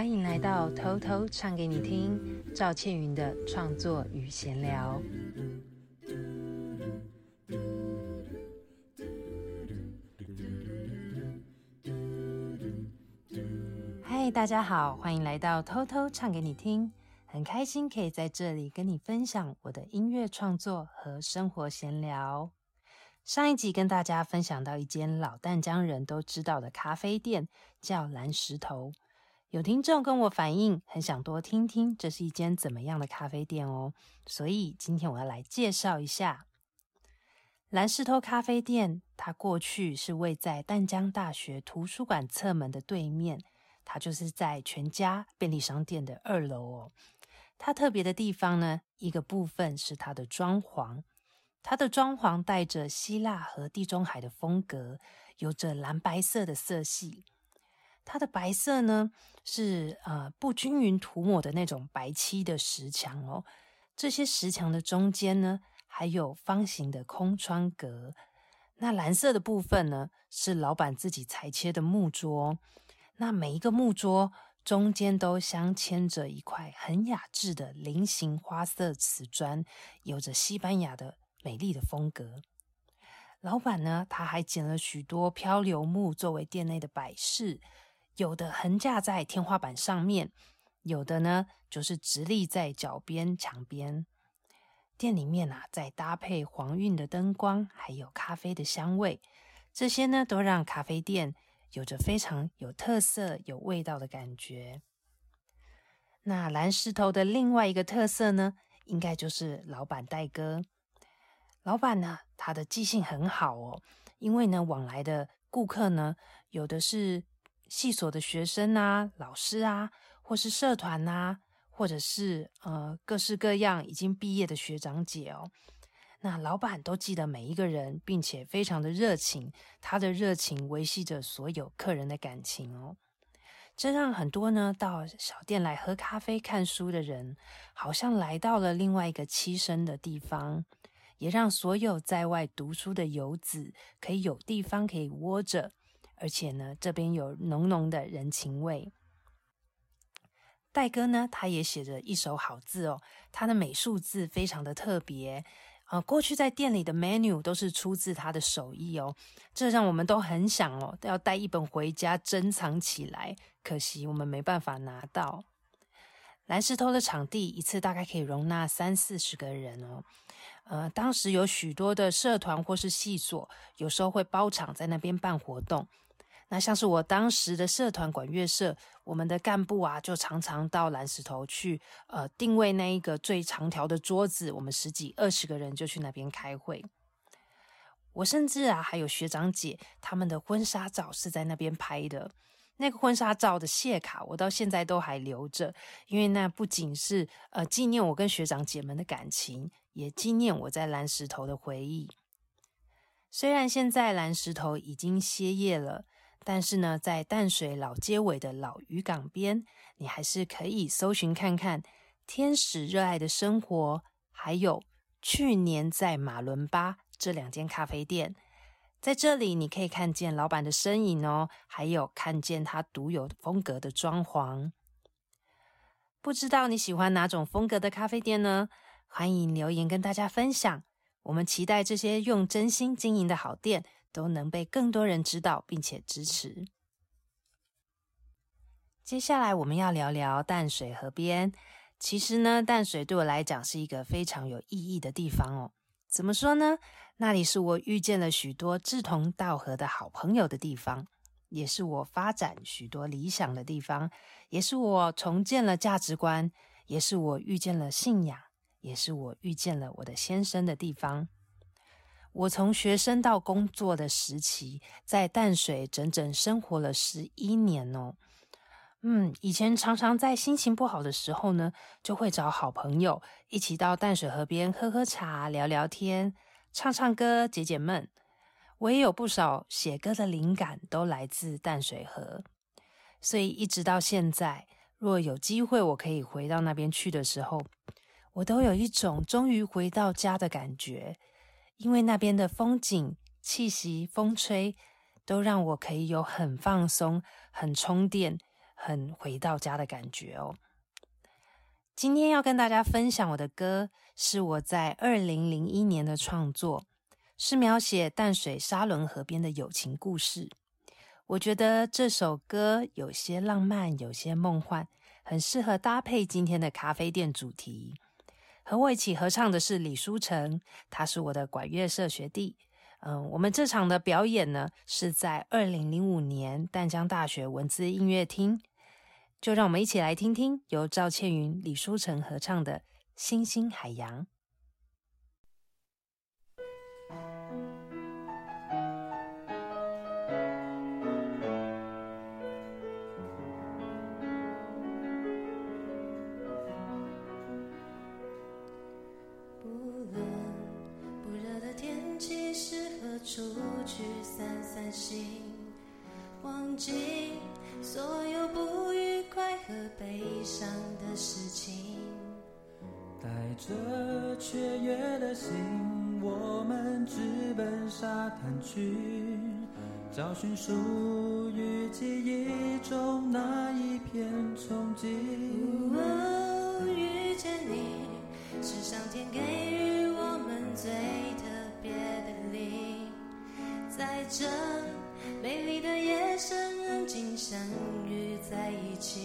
歡迎來到偷偷唱給你聽，趙倩雲的創作與閒聊。嗨，大家好，歡迎來到偷偷唱給你聽。很開心可以在這裡跟你分享我的音樂創作和生活閒聊。上一集跟大家分享到一間老淡江人都知道的咖啡店，叫藍石頭。有聽眾跟我反映，很想多聽聽這是一間怎麼樣的咖啡店哦，所以今天我要來介紹一下藍石頭咖啡店。它過去是位在淡江大學圖書館側門的對面，它就是在全家便利商店的二樓哦。它特別的地方呢，一個部分是它的裝潢，它的裝潢帶着希臘和地中海的風格，有着藍白色的色系。它的白色呢，是，呃，不均勻塗抹的那種白漆的石牆哦。這些石牆的中間呢，還有方形的空窗格。那藍色的部分呢，是老板自己裁切的木桌哦。那每一個木桌中間都鑲嵌着一塊很雅致的菱形花色瓷磚，有着西班牙的美麗的風格。老板呢，他還撿了許多漂流木作為店內的擺飾。有的橫架在天花板上面，有的呢就是直立在腳邊、牆邊。店裡面啊，再搭配黃韻的燈光，還有咖啡的香味，這些呢都讓咖啡店有着非常有特色、有味道的感覺。那藍石頭的另外一個特色呢，應該就是老闆代哥。老闆呢、啊，他的記性很好哦，因為呢，往來的顧客呢，有的是。系所的學生啊、老師啊，或是社團啊，或者是呃各式各樣已經畢業的學長姐哦，那老板都記得每一個人，並且非常的熱情，他的熱情維繫着所有客人的感情哦。這讓很多呢到小店來喝咖啡、看書的人，好像來到了另外一個棲身的地方，也讓所有在外讀書的游子可以有地方可以窩着。而且呢，這邊有濃濃的人情味。戴哥呢，他也寫着一手好字哦，他的美術字非常的特別啊，呃。過去在店裡的 menu 都是出自他的手藝哦，這讓我們都很想哦，都要帶一本回家珍藏起來。可惜我們沒辦法拿到藍石頭的場地，一次大概可以容納三四十個人哦。呃，當時有許多的社團或是系所，有時候會包場在那邊辦活動。那像是我當時的社團管樂社，我們的幹部啊，就常常到藍石頭去，呃，訂位，那一個最長條的桌子，我們十幾二十個人就去那邊開會。我甚至啊，還有學長姐他們的婚紗照是在那邊拍的，那個婚紗照的謝卡我到現在都還留着，因為那不僅是呃紀念我跟學長姐們的感情，也紀念我在藍石頭的回憶。雖然現在藍石頭已經歇業了。但是呢，在淡水老街尾的老漁港邊，你還是可以搜尋看看“天使熱愛的生活”，還有去年在馬倫巴這兩間咖啡店，在這裡你可以看見老闆的身影哦，還有看見他獨有風格的裝潢。不知道你喜歡哪種風格的咖啡店呢？歡迎留言跟大家分享。我們期待這些用真心經營的好店，都能被更多人知道並且支持。接下來我們要聊聊淡水河邊。其實呢，淡水對我來講是一個非常有意義的地方哦。怎麼說呢？那裡是我遇見了許多志同道合的好朋友的地方，也是我發展許多理想的地方，也是我重建了價值觀，也是我遇見了信仰，也是我遇見了我的先生的地方。我從學生到工作的時期，在淡水整整生活了十一年哦。嗯，以前常常在心情不好的時候呢，就會找好朋友一起到淡水河邊喝喝茶、聊聊天、唱唱歌、解解悶。我也有不少寫歌的靈感都來自淡水河，所以一直到現在，若有機會我可以回到那邊去的時候，我都有一種終於回到家的感覺。因為那邊的風景、氣息、風吹，都讓我可以有很放鬆、很充電、很回到家的感覺哦。今天要跟大家分享我的歌，是我在二零零一年的創作，是描寫淡水沙崙河邊的友情故事。我覺得這首歌有些浪漫，有些夢幻，很適合搭配今天的咖啡店主題。和我一起合唱的是李書成，他是我的管樂社學弟。嗯，我們這場的表演呢，是在二零零五年淡江大學文錙音樂廳。就讓我們一起來聽聽由趙倩雲、李書成合唱的《星星海洋》。出去散散心，忘記所有不愉快和悲傷的事情。帶着雀躍的心，我們直奔沙灘去，找尋屬於記憶中那一片憧憬。哦，遇見你，是上天給予我們最特別的禮物。在這美麗的夜深人靜相遇在一起，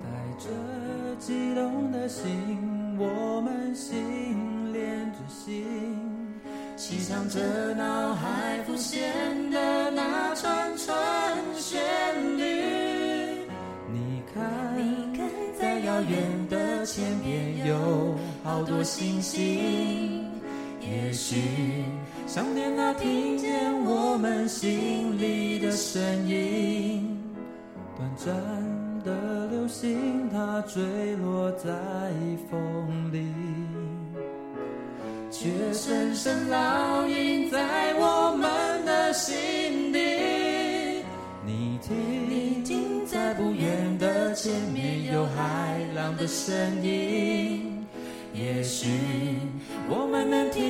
帶着激動的心，我們心連着心，欣賞着腦海浮現的那串串旋律。你看，你看，在遙遠的天邊有好多星星。也許，想念那聽見我們心裡的聲音。短暫的流星，它墜落在風裡，卻深深烙印在我們的心底。你聽，你聽，在不遠的前面有海浪的聲音。也許，我們能聽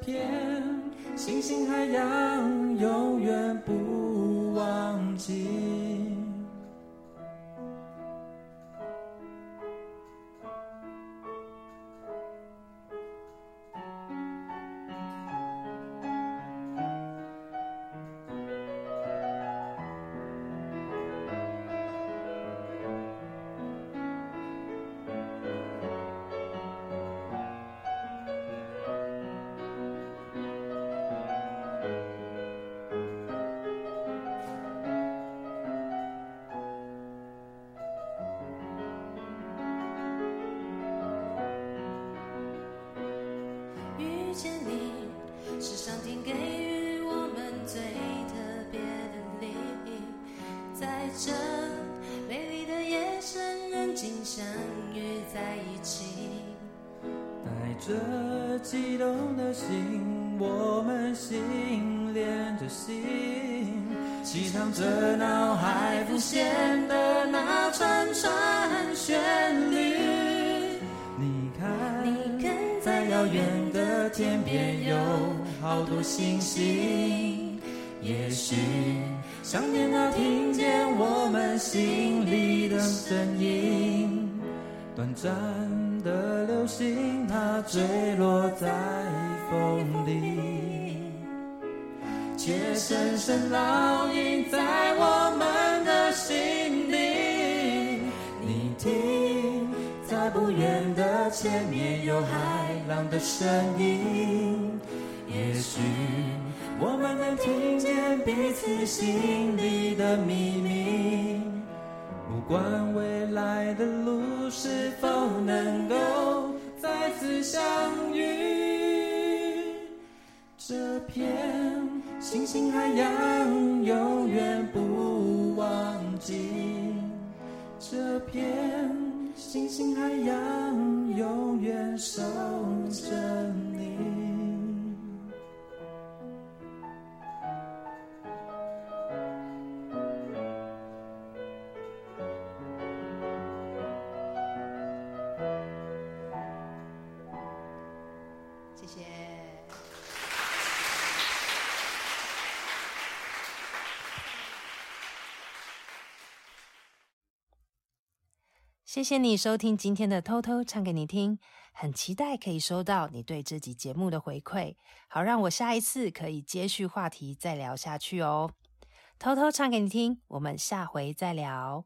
片，星星海洋，永遠不。相遇在一起，帶着激動的心，我們心連着心，激盪著腦海浮現的那串串旋律。你看，你看，在遙遠的天邊有好多星星，也許想念他聽見我們心裡的聲音。短暫的流星，它墜落在風裡，卻深深烙印在我們的心裡。你聽，在不遠的前面有海浪的聲音，也許我們能聽見彼此心裡的秘密。不管未來的路是否能夠再次相遇，這片星星海洋永遠不忘記，這片星星海洋永遠守着。謝謝你收聽今天的《偷偷唱給你聽》，很期待可以收到你對這集節目的回饋，好讓我下一次可以接續話題再聊下去哦。偷偷唱給你聽，我們下回再聊。